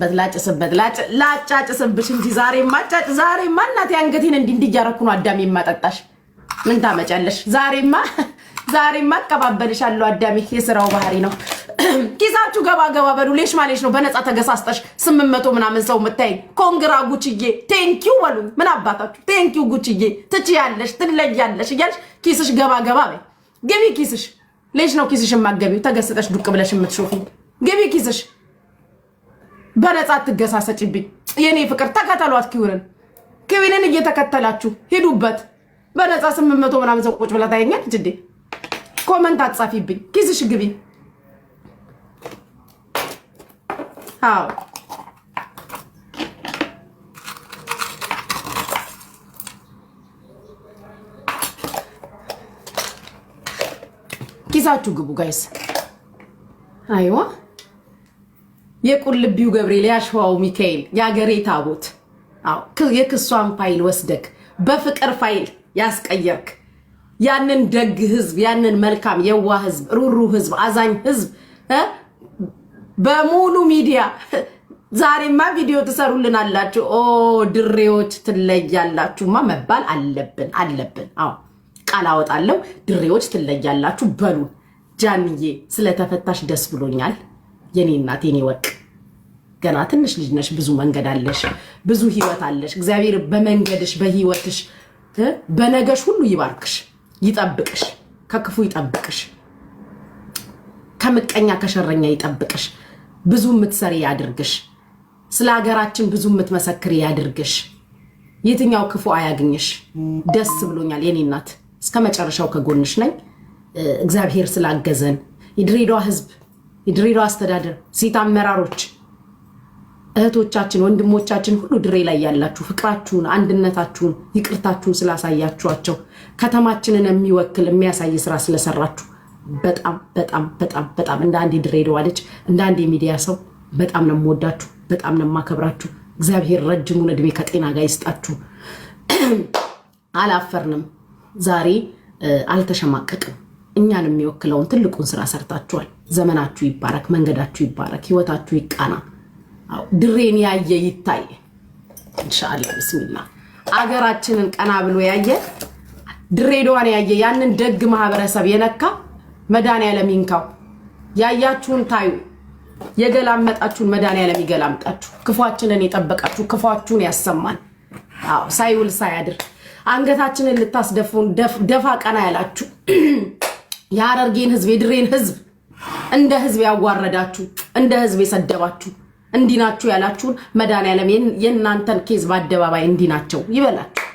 በት ላጭስበት ላጫጭስብሽ እንጂ ዛሬ ማጫጭ ዛሬ ማናት አንገቴን እንዲህ እንዲህ ነው። አዳሜ ማጠጣሽ ምን ታመጫለሽ? ዛሬማ ዛሬማ አቀባበልሻለሁ አዳሜ። የስራው ባህሪ ነው። ኪሳችሁ ገባ ገባ በሉ። ሌሽ ማሌሽ ነው። በነፃ ተገሳስጠሽ ስምንት መቶ ምናምን ሰው የምታይ ኮንግራ ጉችዬ ቴንኪው በሉኝ። ምን አባታችሁ ቴንኪው ጉችዬ። ትችያለሽ፣ ትለያለሽ እያልሽ ኪስሽ ገባ ገባ በይ። ግቢ ኪስሽ። ሌሽ ነው ኪስሽ የማገቢው ተገስጠሽ ዱቅ ብለሽ የምትሾፊ ግቢ ኪስሽ በነፃ ትገሳሰጭብኝ። የኔ ፍቅር ተከተሏት፣ ኪውንን ኪዊንን እየተከተላችሁ ሂዱበት። በነፃ ስምንት መቶ ምናምን ሰው ቁጭ ብላ ታየኛል። ጅዴ ኮመንት አትጻፊብኝ፣ ኪስሽ ግቢ። አዎ ኪሳችሁ ግቡ ጋይስ። አይዋ የቁልቢው ገብርኤል ያሸዋው ሚካኤል የአገሬ ታቦት የክሷን ፋይል ወስደክ በፍቅር ፋይል ያስቀየርክ ያንን ደግ ህዝብ ያንን መልካም የዋ ህዝብ ሩሩ ህዝብ አዛኝ ህዝብ በሙሉ ሚዲያ ዛሬማ ቪዲዮ ትሰሩልን አላችሁ። ኦ ድሬዎች ትለያላችሁማ መባል አለብን አለብን። አዎ ቃል አወጣለሁ። ድሬዎች ትለያላችሁ በሉን። ጃንዬ ስለተፈታሽ ደስ ብሎኛል። የኔ እናት የኔ ወቅ ገና ትንሽ ልጅ ነሽ። ብዙ መንገድ አለሽ፣ ብዙ ህይወት አለሽ። እግዚአብሔር በመንገድሽ በህይወትሽ በነገሽ ሁሉ ይባርክሽ፣ ይጠብቅሽ፣ ከክፉ ይጠብቅሽ፣ ከምቀኛ ከሸረኛ ይጠብቅሽ። ብዙ የምትሰሪ ያድርግሽ። ስለ ሀገራችን ብዙ የምትመሰክር ያድርግሽ። የትኛው ክፉ አያግኝሽ። ደስ ብሎኛል የኔ እናት። እስከ መጨረሻው ከጎንሽ ነኝ። እግዚአብሔር ስላገዘን የድሬዳዋ ህዝብ፣ የድሬዳዋ አስተዳደር፣ ሴት አመራሮች እህቶቻችን ወንድሞቻችን ሁሉ ድሬ ላይ ያላችሁ ፍቅራችሁን፣ አንድነታችሁን፣ ይቅርታችሁን ስላሳያችኋቸው ከተማችንን የሚወክል የሚያሳይ ስራ ስለሰራችሁ በጣም በጣም በጣም በጣም እንደ አንድ ድሬዳዋ ልጅ እንደ አንድ የሚዲያ ሰው በጣም ነው የምወዳችሁ፣ በጣም ነው የማከብራችሁ። እግዚአብሔር ረጅሙን እድሜ ከጤና ጋር ይስጣችሁ። አላፈርንም። ዛሬ አልተሸማቀቅም። እኛን የሚወክለውን ትልቁን ስራ ሰርታችኋል። ዘመናችሁ ይባረክ፣ መንገዳችሁ ይባረክ፣ ህይወታችሁ ይቃና። ድሬን ያየ ይታይ። እንሻአላ ብስሚላ አገራችንን ቀና ብሎ ያየ ድሬዳዋን ያየ ያንን ደግ ማህበረሰብ የነካ መድኃኒዓለም ይንካው። ያያችሁን ታዩ፣ የገላመጣችሁን መድኃኒዓለም ይገላምጣችሁ። ክፏችንን የጠበቃችሁ ክፏችሁን ያሰማን። አዎ ሳይውል ሳያድር አንገታችንን ልታስደፉን ደፋ ቀና ያላችሁ የሀረርጌን ህዝብ የድሬን ህዝብ እንደ ህዝብ ያዋረዳችሁ እንደ ህዝብ የሰደባችሁ እንዲናቸው ያላችሁን ያላችሁን መድኃኒዓለም የእናንተን ኬዝ በአደባባይ እንዲናቸው ናቸው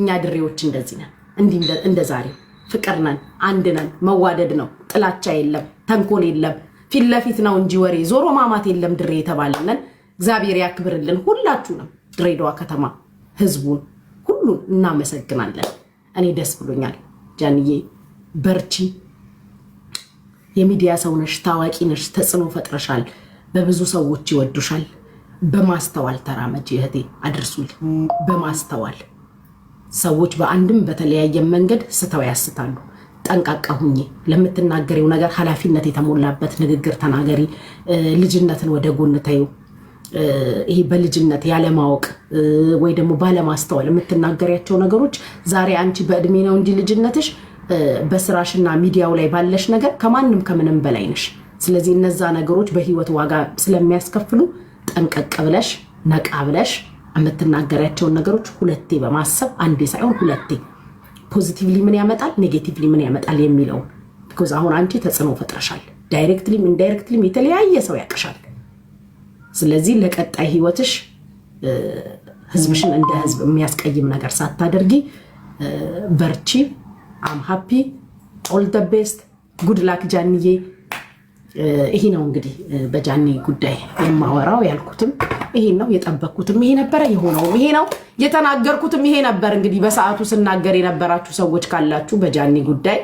እኛ ድሬዎች እንደዚህ ነን፣ እንደ ዛሬ ፍቅር ነን፣ አንድ ነን። መዋደድ ነው፣ ጥላቻ የለም፣ ተንኮል የለም። ፊት ለፊት ነው እንጂ ወሬ ዞሮ ማማት የለም። ድሬ የተባለነን እግዚአብሔር ያክብርልን። ሁላችሁንም ድሬዳዋ ከተማ ህዝቡን ሁሉን እናመሰግናለን። እኔ ደስ ብሎኛል። ጃንዬ በርቺ፣ የሚዲያ ሰውነሽ፣ ታዋቂ ነሽ፣ ተጽዕኖ ፈጥረሻል። በብዙ ሰዎች ይወዱሻል። በማስተዋል ተራመጅ እህቴ፣ አድርሱል። በማስተዋል ሰዎች በአንድም በተለያየ መንገድ ስተው ያስታሉ። ጠንቃቃ ሁኚ። ለምትናገሪው ነገር ኃላፊነት የተሞላበት ንግግር ተናገሪ። ልጅነትን ወደ ጎን ተይው። ይሄ በልጅነት ያለማወቅ ወይ ደግሞ ባለማስተዋል የምትናገሪያቸው ነገሮች ዛሬ አንቺ በእድሜ ነው እንጂ ልጅነትሽ፣ በስራሽና ሚዲያው ላይ ባለሽ ነገር ከማንም ከምንም በላይ ነሽ። ስለዚህ እነዛ ነገሮች በህይወት ዋጋ ስለሚያስከፍሉ ጠንቀቅ ብለሽ ነቃ ብለሽ የምትናገሪያቸውን ነገሮች ሁለቴ በማሰብ አንዴ ሳይሆን ሁለቴ ፖዚቲቭሊ ምን ያመጣል፣ ኔጌቲቭሊ ምን ያመጣል የሚለውን ቢኮዝ አሁን አንቺ ተጽዕኖ ፈጥረሻል። ዳይሬክትሊም ኢንዳይሬክትሊም የተለያየ ሰው ያቀሻል። ስለዚህ ለቀጣይ ህይወትሽ ህዝብሽን እንደ ህዝብ የሚያስቀይም ነገር ሳታደርጊ በርቺ። አም ሃፒ ኦል ደ ቤስት ጉድ ላክ ጃንዬ። ይሄ ነው እንግዲህ በጃኒ ጉዳይ የማወራው ያልኩትም ይሄ ነው፣ የጠበቅኩትም ይሄ ነበረ፣ የሆነውም ይሄ ነው፣ የተናገርኩትም ይሄ ነበር። እንግዲህ በሰዓቱ ስናገር የነበራችሁ ሰዎች ካላችሁ በጃኒ ጉዳይ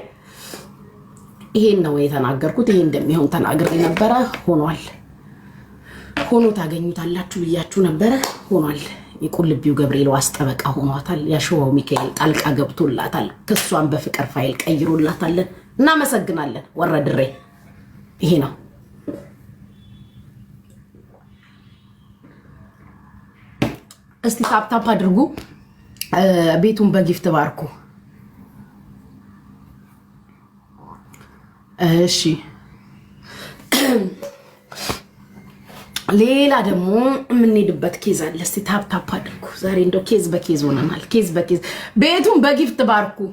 ይሄን ነው የተናገርኩት። ይሄ እንደሚሆን ተናግር ነበረ፣ ሆኗል። ሆኖ ታገኙታላችሁ ብያችሁ ነበረ፣ ሆኗል። የቁልቢው ገብርኤል ዋስ ጠበቃ ሆኗታል። ያሸዋው ሚካኤል ጣልቃ ገብቶላታል። ክሷን በፍቅር ፋይል ቀይሮላታለን። እናመሰግናለን ወረድሬ ይሄ ነው። እስቲ ታፕታፕ አድርጉ፣ ቤቱን በጊፍት ባርኩ። እሺ ሌላ ደግሞ የምንሄድበት ኬዝ አለ። እስቲ ታፕታፕ አድርጉ። ዛሬ እንደው ኬዝ በኬዝ ሆነናል። ኬዝ በኬዝ ቤቱን በጊፍት ባርኩ።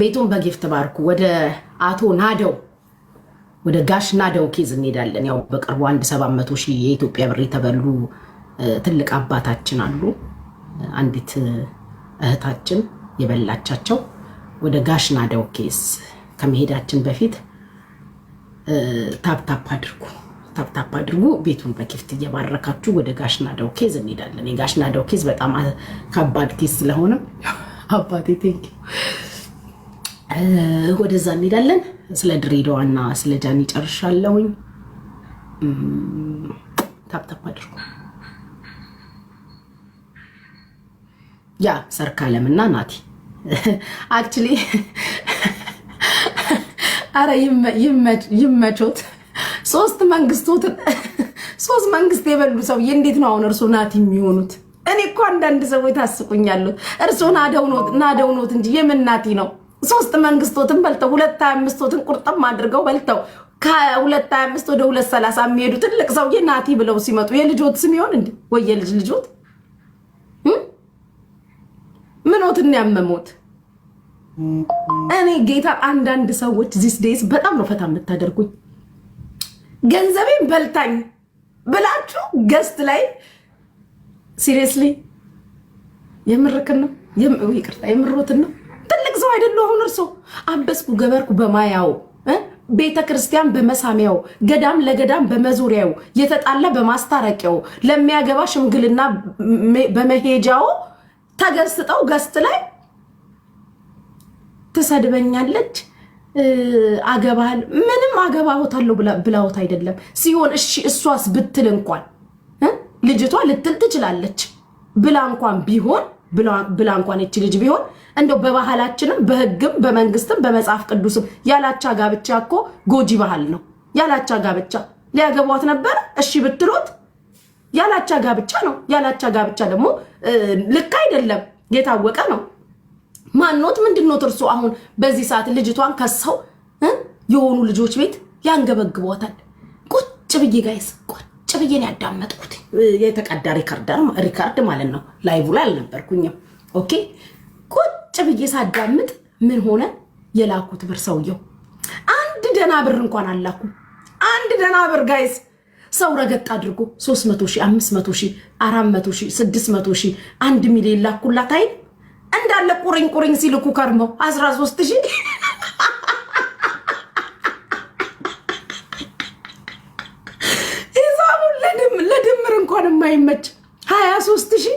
ቤቱን በጊፍት ባርኩ። ወደ አቶ ናደው ወደ ጋሽ ናደው ኬዝ እንሄዳለን። ያው በቅርቡ አንድ ሰባት መቶ ሺህ የኢትዮጵያ ብር የተበሉ ትልቅ አባታችን አሉ። አንዲት እህታችን የበላቻቸው ወደ ጋሽ ናደው ኬዝ ከመሄዳችን በፊት ታፕታፕ አድርጉ፣ ታፕታፕ አድርጉ። ቤቱን በጊፍት እየባረካችሁ ወደ ጋሽ ናደው ኬዝ እንሄዳለን። የጋሽ ናደው ኬዝ በጣም ከባድ ኬዝ ስለሆነ አባቴ ቴንኪው ወደዛ እንሄዳለን። ስለ ድሬዳዋና ስለ ጃኒ ጨርሻለሁኝ። ታፕታፕ አድርጉ። ያ ሰርካለም እና ናቲ አክቹሊ አረ ይመቾት ሶስት መንግስቶትን ሶስት መንግስት የበሉ ሰውዬ እንዴት ነው አሁን እርሶ ናቲ የሚሆኑት? እኔ እኮ አንዳንድ ሰዎች ታስቁኛለሁ። እርሶ ናደውኖት ናደውኖት እንጂ የምን ናቲ ነው? ሶስት መንግስቶትን በልተው ሁለት ሀያ አምስቶትን ቁርጥም አድርገው በልተው ከሁለት ሀያ አምስት ወደ ሁለት ሰላሳ የሚሄዱ ትልቅ ሰውዬ ናቲ ብለው ሲመጡ የልጆት ስም ይሆን እንዴ? ወይ የልጅ ልጆት ምኖትን ያመሙት። እኔ ጌታ አንዳንድ ሰዎች ዚስ ዴይስ በጣም ነው ፈታ የምታደርጉኝ። ገንዘቤን በልታኝ ብላችሁ ገስት ላይ ሲሪየስሊ የምርክን ነው ይቅርታ የምሮትን ነው ሰው አይደሉ? አሁን እርሶ አንበስኩ ገበርኩ በማያው ቤተ ክርስቲያን በመሳሚያው ገዳም ለገዳም በመዞሪያው የተጣላ በማስታረቂያው ለሚያገባ ሽምግልና በመሄጃው ተገስጠው ገስት ላይ ትሰድበኛለች። አገባል ምንም አገባሁታለሁ ብላውት አይደለም ሲሆን እሺ እሷስ ብትል እንኳን ልጅቷ ልትል ትችላለች ብላ እንኳን ቢሆን ብላ እንኳን እቺ ልጅ ቢሆን እንደው በባህላችንም በህግም በመንግስትም በመጽሐፍ ቅዱስም ያላቻ ጋብቻ እኮ ጎጂ ባህል ነው። ያላቻ ጋብቻ ሊያገቧት ነበር እሺ ብትሉት ያላቻ ጋብቻ ነው። ያላቻ ጋብቻ ደግሞ ልክ አይደለም፣ የታወቀ ነው። ማኖት ምንድኖት? እርሱ አሁን በዚህ ሰዓት ልጅቷን ከሰው የሆኑ ልጆች ቤት ያንገበግቧታል። ቁጭ ብዬ ይስቋል ብዬ ያዳመጥኩት። የተቀዳ ሪካርድ ማለት ነው። ላይቭ ላይ አልነበርኩኝም። ኦኬ ቁጭ ብዬ ሳዳምጥ ምን ሆነ የላኩት ብር ሰውየው አንድ ደና ብር እንኳን አላኩ። አንድ ደና ብር ጋይስ ሰው ረገጥ አድርጎ 300 ሺህ 500 ሺህ 400 ሺህ 600 ሺህ 1 ሚሊዮን ላኩላት አይደል? እንዳለ ቁርኝ ቁርኝ ሲልኩ ከርመው 13 ሺህ ይመች። ሀያ ሶስት ሺ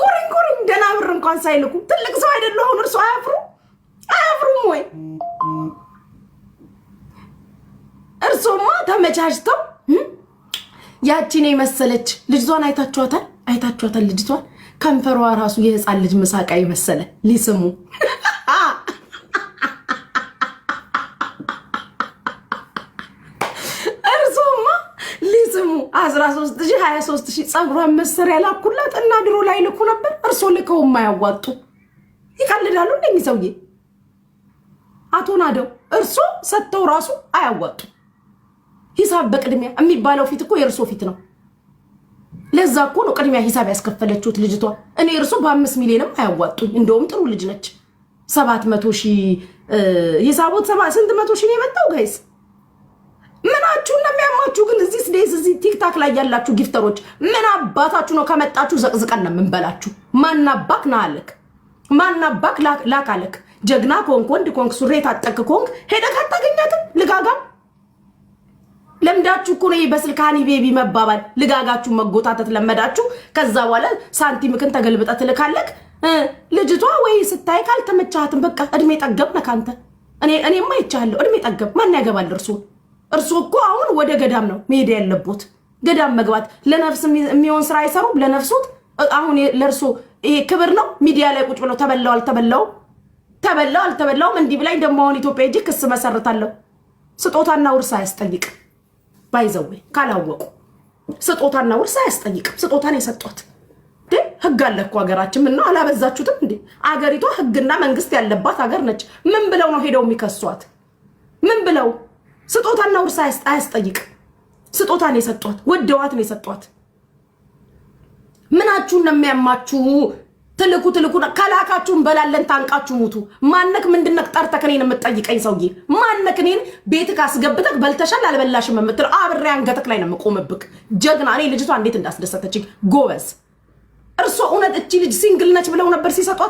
ኮረኝ ኮረኝ ደህና ብር እንኳን ሳይልኩ ትልቅ ሰው አይደለ አሁን እርሱ አያፍሩ አያፍሩም ወይ? እርሶማ ተመቻችተው ያቺን የመሰለች ልጅቷን አይታችኋታል? አይታችኋታል? ልጅቷን ከንፈሯ ራሱ የህፃን ልጅ መሳቃ የመሰለ ሊስሙ 13023 ሺ ፀጉሯን መሰሪያ ላኩላት እና ድሮ ላይ ልኩ ነበር። እርሶ ልከው የማያዋጡ ይቀልዳሉ። እንደኝ ሰውዬ አቶ ናደው እርሶ ሰጥተው ራሱ አያዋጡ። ሂሳብ በቅድሚያ የሚባለው ፊት እኮ የእርሶ ፊት ነው። ለዛ እኮ ነው ቅድሚያ ሂሳብ ያስከፈለችሁት ልጅቷ። እኔ እርሶ በአምስት ሚሊዮንም አያዋጡኝ። እንደውም ጥሩ ልጅ ነች። ሰባት መቶ ሺህ ሂሳቦት ስንት መቶ ሺህ ነው የመጣው ጋይስ ምናችሁ እንደሚያማችሁ ግን እዚህ ስደዝ እዚህ ቲክታክ ላይ ያላችሁ ጊፍተሮች ምን አባታችሁ ነው? ከመጣችሁ ዘቅዝቀን ነው የምንበላችሁ። ማናባክ ና አልክ፣ ማናባክ ላክ አልክ። ጀግና ኮንክ፣ ወንድ ኮንክ፣ ሱሬ ታጠቅ ኮንክ፣ ሄደክ አታገኛትም። ልጋጋም ለምዳችሁ እኮ ነው በስልካኒ ቤቢ መባባል። ልጋጋችሁ መጎታተት ለመዳችሁ። ከዛ በኋላ ሳንቲምክን ተገልብጠ ትልካለክ። ልጅቷ ወይ ስታይ ካልተመቻትም በቃ እድሜ ጠገብ ነካንተ። እኔ እኔማ ይቻለሁ እድሜ ጠገብ ማን ያገባል እርሱን እርሶ እኮ አሁን ወደ ገዳም ነው መሄድ ያለቦት። ገዳም መግባት ለነፍስ የሚሆን ስራ አይሰሩም። ለነፍሶት አሁን ለእርሶ ይሄ ክብር ነው። ሚዲያ ላይ ቁጭ ብለው ተበላው አልተበላው ተበላው አልተበላውም እንዲህ ብላኝ ደግሞ አሁን ኢትዮጵያ ሄጄ ክስ መሰረታለሁ። ስጦታና ውርስ አያስጠይቅም። ባይዘው ካላወቁ ስጦታና ውርስ አያስጠይቅም። ስጦታን የሰጧት ህግ አለ እኮ ሀገራችን። ምነው አላበዛችሁትም እንዴ? አገሪቷ ህግና መንግስት ያለባት ሀገር ነች። ምን ብለው ነው ሄደው የሚከሷት? ምን ብለው ስጦታና ውርስ አያስጠይቅ። ስጦታ ነው የሰጧት፣ ወደዋት ነው የሰጧት። ምናችሁን ነው የሚያማችሁ? ትልኩ ትልኩ ከላካችሁ እንበላለን፣ ታንቃችሁ ሙቱ። ማነክ ምንድነክ? ጠርተህ እኔን የምትጠይቀኝ ሰውዬ ማነክ? እኔን ቤትህ አስገብተህ በልተሻል አልበላሽም የምትለው አብሬ አንገትህ ላይ ነው የምቆምብክ። ጀግና። እኔ ልጅቷ እንዴት እንዳስደሰተችኝ ጎበዝ። እርሶ እውነት እቺ ልጅ ሲንግል ነች ብለው ነበር ሲሰጧት